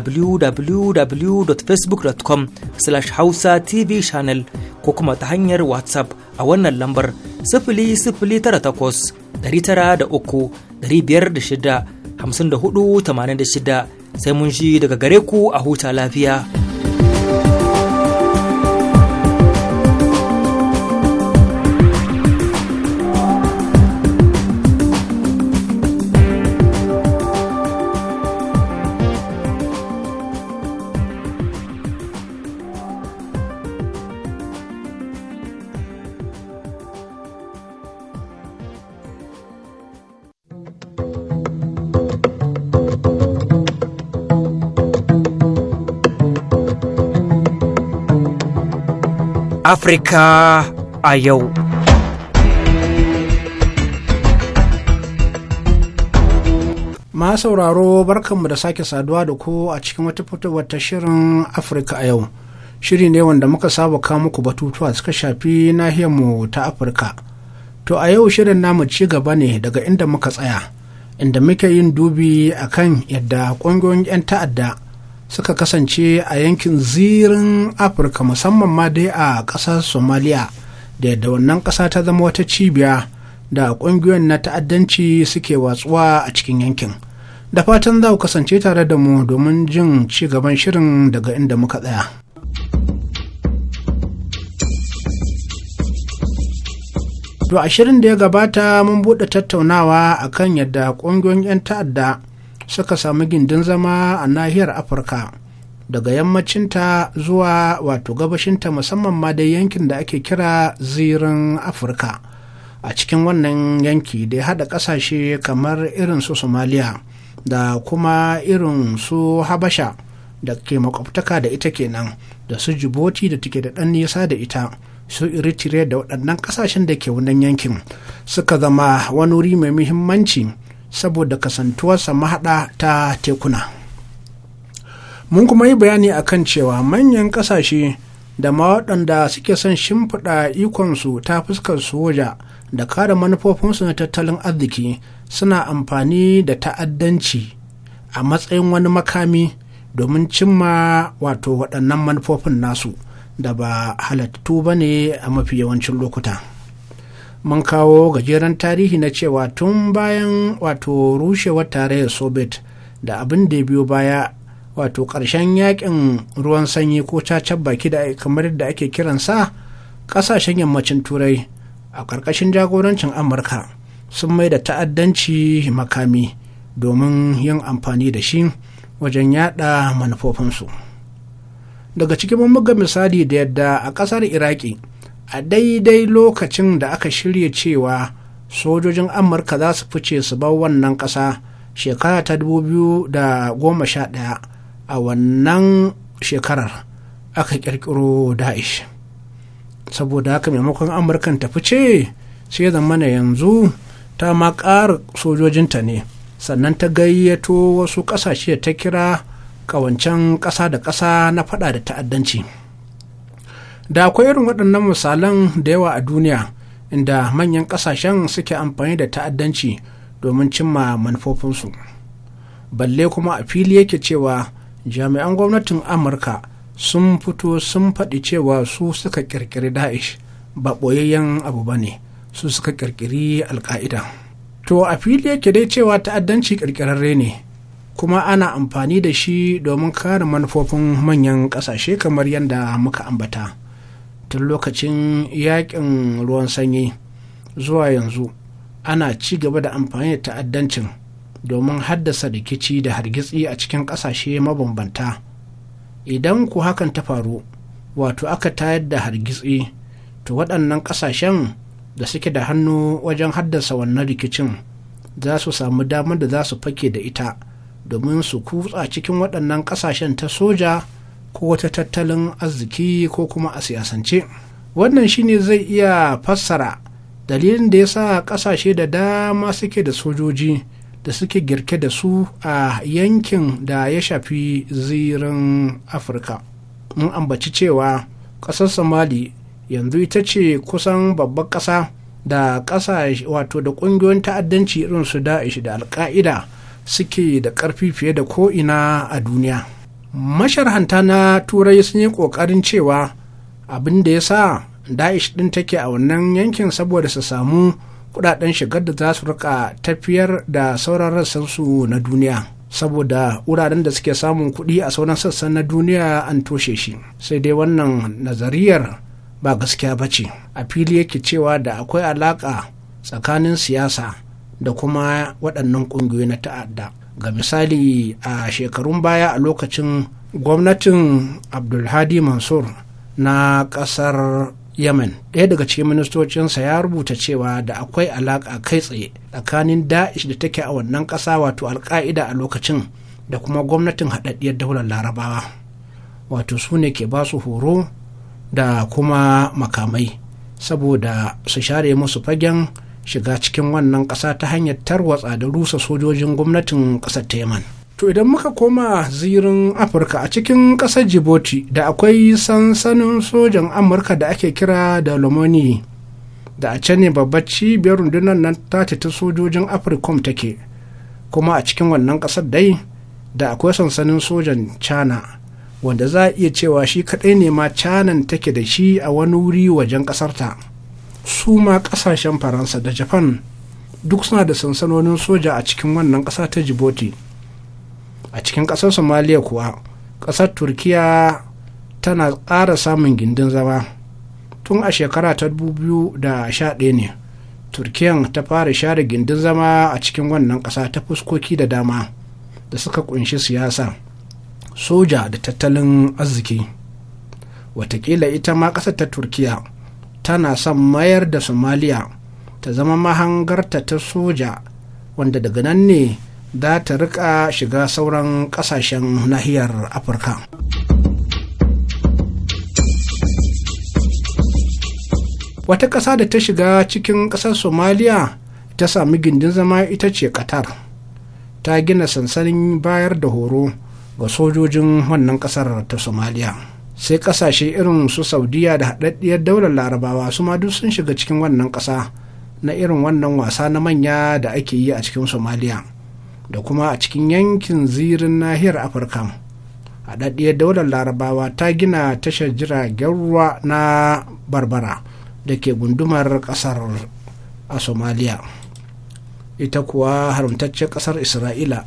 www.facebook.com slash hausa tv channel ko kuma ta hanyar whatsapp a wannan lambar sifili sifili da takwas tara sai mun ji daga gare ku a huta lafiya. Afrika a yau. Ma sauraro barkanmu da sake saduwa da ku a cikin wata fitowar ta shirin Afirka a yau. Shiri ne wanda muka saba ka muku batutuwa suka shafi nahiyarmu ta Afirka. To a yau shirin namu ci gaba ne daga inda muka tsaya, inda muke yin dubi akan yadda ƙungiyoyin 'yan ta'adda suka kasance a yankin zirin afirka musamman ma dai a ƙasar somaliya da yadda wannan ƙasa ta zama wata cibiya da ƙungiyoyin na ta'addanci suke watsuwa a cikin yankin da fatan za ku kasance tare da mu domin jin ci gaban shirin daga inda muka tsaya. To ashirin da ya gabata mun buɗe tattaunawa akan yadda ƙungiyoyin 'yan ta'adda suka samu gindin zama a nahiyar afirka daga yammacinta zuwa wato gabashinta musamman ma dai yankin da ake kira zirin afirka a cikin wannan yanki da ya haɗa ƙasashe kamar irin su somaliya da kuma irin su habasha da ke makwabtaka da ita kenan da su jiboti da take da ɗan nisa da ita su eritrea da waɗannan ƙasashen da ke wannan yankin suka zama wani wuri mai muhimmanci saboda kasantuwarsa mahaɗa ta tekuna mun kuma yi bayani a kan cewa manyan ƙasashe da ma waɗanda suke son shimfiɗa ikonsu ta fuskar soja da kare manufofinsu na tattalin arziki suna amfani da ta'addanci a matsayin wani makami domin cimma wato waɗannan manufofin nasu da ba halattu ba ne a mafi yawancin lokuta. mun kawo gajeren tarihi na cewa tun bayan wato rushewar tarayyar soviet da abin da biyo baya wato ƙarshen yakin ruwan sanyi ko cacan baki da kamar da ake kiransa ƙasashen yammacin turai a ƙarƙashin jagorancin amurka sun mai da ta'addanci makami domin yin amfani da shi wajen yada manufofinsu daga cikin mummuga misali da yadda a ƙasar iraki a daidai lokacin da aka shirya cewa sojojin amurka za su fice su bar wannan ƙasa shekara ta 2011 a wannan shekarar aka kirkiro da'ish saboda haka maimakon amurkan ta fice sai zamana yanzu ta ma ƙara sojojinta ne sannan ta gayyato wasu ƙasashe ta kira ƙawancen ƙasa da ƙasa na faɗa da ta'addanci. da akwai irin waɗannan misalan da yawa a duniya inda manyan ƙasashen suke amfani da ta'addanci domin cimma manufofinsu balle kuma a fili yake cewa jami'an gwamnatin amurka sun fito sun faɗi cewa su suka ƙirƙiri da'ish ba ɓoyayyen abu ba ne su suka ƙirƙiri alka'ida to a fili yake dai cewa ta'addanci ƙirƙirarre ne kuma ana amfani da shi domin kare manufofin manyan ƙasashe kamar yadda muka ambata. tun lokacin yakin ruwan sanyi zuwa yanzu ana ci gaba da amfani da ta'addancin domin haddasa rikici da hargitsi a cikin ƙasashe mabambanta idan ku hakan ta faru wato aka tayar da hargitsi to waɗannan ƙasashen da suke da hannu wajen haddasa wannan rikicin za su samu damar da za su fake da ita domin su kutsa cikin waɗannan ƙasashen ta soja ko wata tattalin arziki ko kuma a siyasance wannan shine zai iya fassara dalilin da ya sa kasashe da dama suke da sojoji da suke girke da su a yankin da ya shafi zirin afirka mun ambaci cewa ƙasar somali yanzu ita ce kusan babbar ƙasa da ƙasa wato da ƙungiyoyin ta'addanci irin su da'ish da alka'ida suke da ƙarfi fiye da ko'ina a duniya masharhanta na turai sun yi ƙoƙarin cewa abin da ya sa da'ish ɗin take a wannan yankin saboda su samu kudaden shigar da za su rika tafiyar da sauran rassan su na duniya saboda wuraren da suke samun kuɗi a sauran sassan na duniya an toshe shi sai dai wannan nazariyar ba gaskiya ba ce a fili yake cewa da akwai alaƙa tsakanin siyasa da kuma waɗannan ƙungiyoyi na ta'adda ga misali a shekarun baya a lokacin gwamnatin abdulhadi mansur na kasar yemen ɗaya daga cikin ministocinsa ya rubuta cewa da akwai alaƙa kai tsaye tsakanin da'ish da take a wannan ƙasa wato alka'ida a lokacin da kuma gwamnatin haɗaɗɗiyar daular larabawa wato su ne ke basu horo da kuma makamai saboda su share musu fagen shiga cikin wannan ƙasa ta hanyar tarwatsa da rusa sojojin gwamnatin ƙasar teman to idan muka koma zirin afirka a cikin ƙasar djibouti da akwai sansanin sojan amurka da ake kira da lomoni da a can ne babbar cibiyar rundunar nan ta ta sojojin afirkom take kuma a cikin wannan ƙasar dai da akwai sansanin sojan Cana wanda za a iya cewa shi kaɗai ne ma canan take da shi a wani wuri wajen ƙasarta. ta su ma kasashen faransa da japan duk suna da sansanonin soja a cikin wannan kasa ta djibouti a cikin ƙasar somaliya kuwa ƙasar turkiya tana ƙara samun gindin zama tun a shekara ta da sha 2011 ne turkiyan ta fara share gindin zama a cikin wannan kasa ta fuskoki da dama da suka kunshi siyasa soja da tattalin arziki watakila ita ma ƙasar ta turkiya tana son mayar da somaliya ta zama mahangarta ta soja wanda daga nan ne za ta rika shiga sauran kasashen nahiyar afirka wata ƙasa da ta shiga cikin ƙasar somaliya ta sami gindin zama ita ce qatar ta gina sansanin bayar da horo ga sojojin wannan ƙasar ta somaliya sai kasashe irin su saudiya da haɗaɗɗiyar daular larabawa su ma duk sun shiga cikin wannan ƙasa na irin wannan wasa na manya da ake yi a cikin somaliya da kuma a cikin yankin zirin nahiyar afirka haɗaɗɗiyar daular larabawa ta gina tashar jiragen ruwa na barbara da ke gundumar ƙasar a somaliya ita kuwa haramtaccen ƙasar isra'ila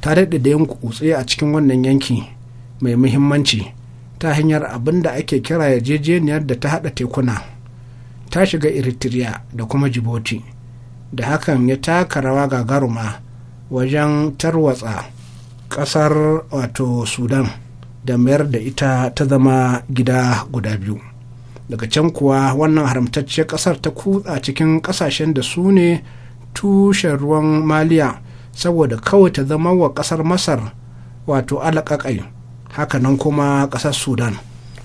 ta daɗe da yin kutse a cikin wannan yanki mai muhimmanci. ta hanyar abin da ake kira yarjejeniyar da ta haɗa tekuna ta shiga eritrea da kuma djibouti da hakan ya taka rawa gagaruma wajen tarwatsa ƙasar wato sudan da mayar da ita ta zama gida guda biyu daga can kuwa wannan haramtacce ƙasar ta kutsa cikin ƙasashen da su ne tushen ruwan maliya saboda kawai ta zama wa ƙasar masar wato alaƙaƙai hakanan kuma ƙasar sudan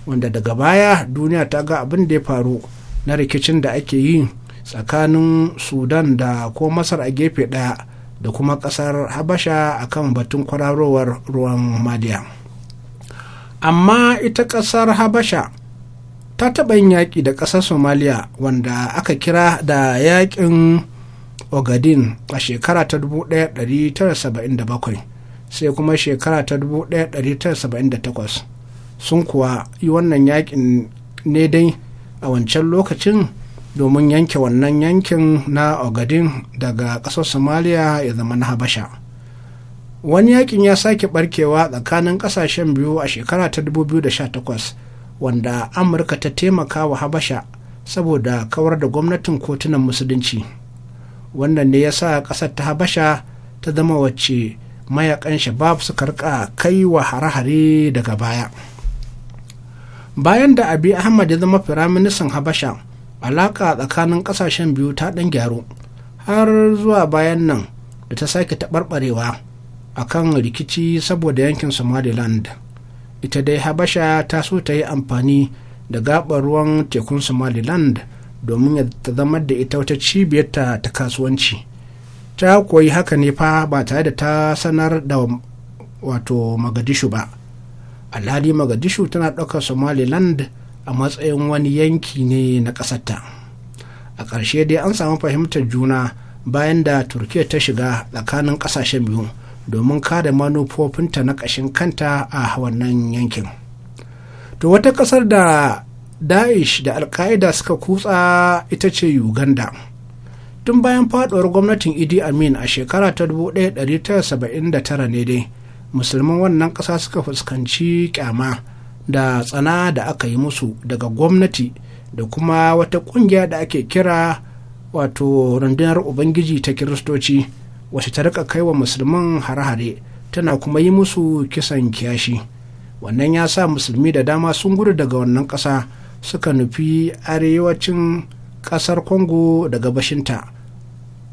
wanda daga baya duniya ta ga abin da ya faru na rikicin da ake yi tsakanin sudan da ko masar a gefe daya da kuma ƙasar habasha a kan batun kwararowar ruwan maliya amma ita ƙasar habasha ta taɓa yin yaƙi da ƙasar somaliya wanda aka kira da yaƙin ogadin a shekara ta 1977 sai kuma shekara ta 1978 sun kuwa yi wannan yakin ne dai a wancan lokacin domin yanke wannan yankin na ogadin daga ƙasar somalia ya zama na habasha wani yakin ya sake barkewa tsakanin ƙasashen biyu a shekara ta 2018 wanda amurka ta taimaka wa habasha saboda kawar da gwamnatin kotunan musulunci wannan ne ya sa ƙasar ta habasha ta zama wacce mayakan shabab suka rika kai wa hare-hare daga baya bayan da abi ahmad ya zama firaministan habasha alaka tsakanin kasashen biyu ta dan gyaru har zuwa bayan nan da ta sake taɓarɓarewa a kan rikici saboda yankin somaliland ita dai habasha ta so ta yi amfani da gabar ruwan tekun somaliland domin ya zama da ita wata cibiyarta ta kasuwanci ta koyi haka ne fa ba tare da ta sanar da wato magadishu ba alhali magadishu tana ɗaukar somaliland a matsayin wani yanki ne na ƙasarta a ƙarshe dai an samu fahimtar juna bayan da turkiya ta shiga tsakanin ƙasashen biyu domin kada manufofinta na ƙashin kanta a wannan yankin to wata ƙasar da daesh da alka'ida suka kutsa ita ce uganda tun bayan faɗuwar gwamnatin idi amin a shekara ta 1979 ne dai musulman wannan ƙasa suka fuskanci kyama da tsana da aka yi musu daga gwamnati da kuma wata ƙungiya da ake kira wato rundunar ubangiji ta kiristoci wacce ta rika kai wa musulman hare-hare tana kuma yi musu kisan kiyashi wannan ya sa musulmi da dama sun gudu daga wannan ƙasa suka nufi arewacin ƙasar Kongo da gabashinta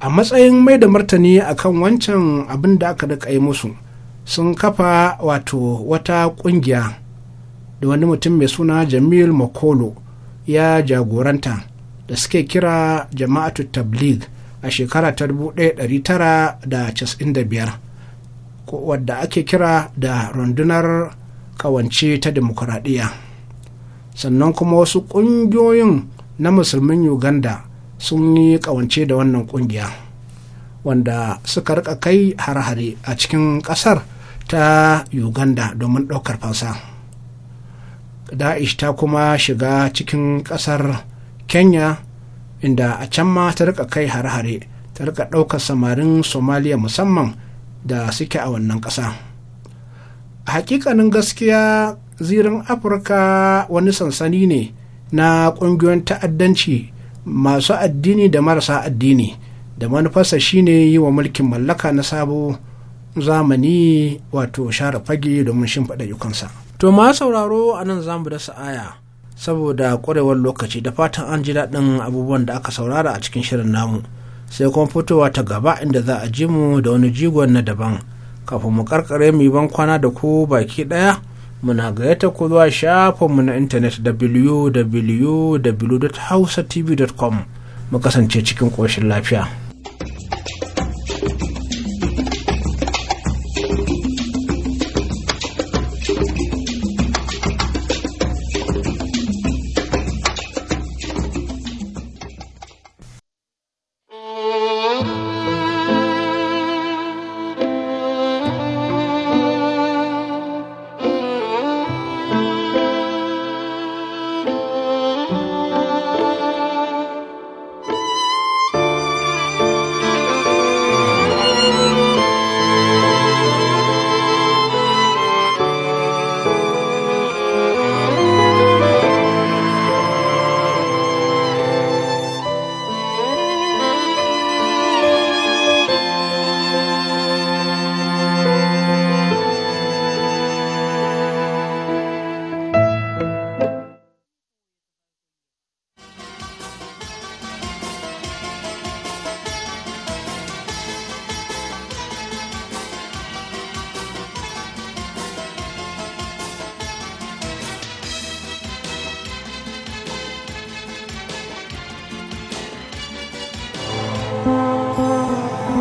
a matsayin mai da martani akan wancan abin da aka rika yi musu sun kafa wato wata kungiya da wani mutum mai suna jamil makolo ya jagoranta da suke kira jama'atu tablig a shekara ta 1995 wadda ake kira da rundunar kawance ta demokuraɗiyya sannan kuma wasu ƙungiyoyin na musulmin uganda sun yi kawance da wannan kungiya wanda suka rika kai har hare a cikin kasar ta uganda domin ɗaukar fansa da'ish ta kuma shiga cikin kasar kenya inda a can ma ta rika kai har hare ta rika ɗaukar samarin somaliya musamman da suke a wannan ƙasa hakikanin gaskiya zirin afirka wani sansani ne na ƙungiyoyin ta'addanci masu addini da marasa addini da manufarsa shine yi wa mulkin mallaka na sabo zamani wato share fage domin shimfiɗa yukansa. To ma sauraro a nan za mu da sa'aya saboda ƙwarewar lokaci da fatan an ji daɗin abubuwan da aka saurara a cikin shirin namu sai kuma fitowa ta gaba inda za a ji mu da wani jigon na daban kafin mu karkare mu ban kwana da ku baki ɗaya. muna gayyata ku zuwa shafinmu na intanet www.hausatv.com mu kasance cikin ƙoshin lafiya.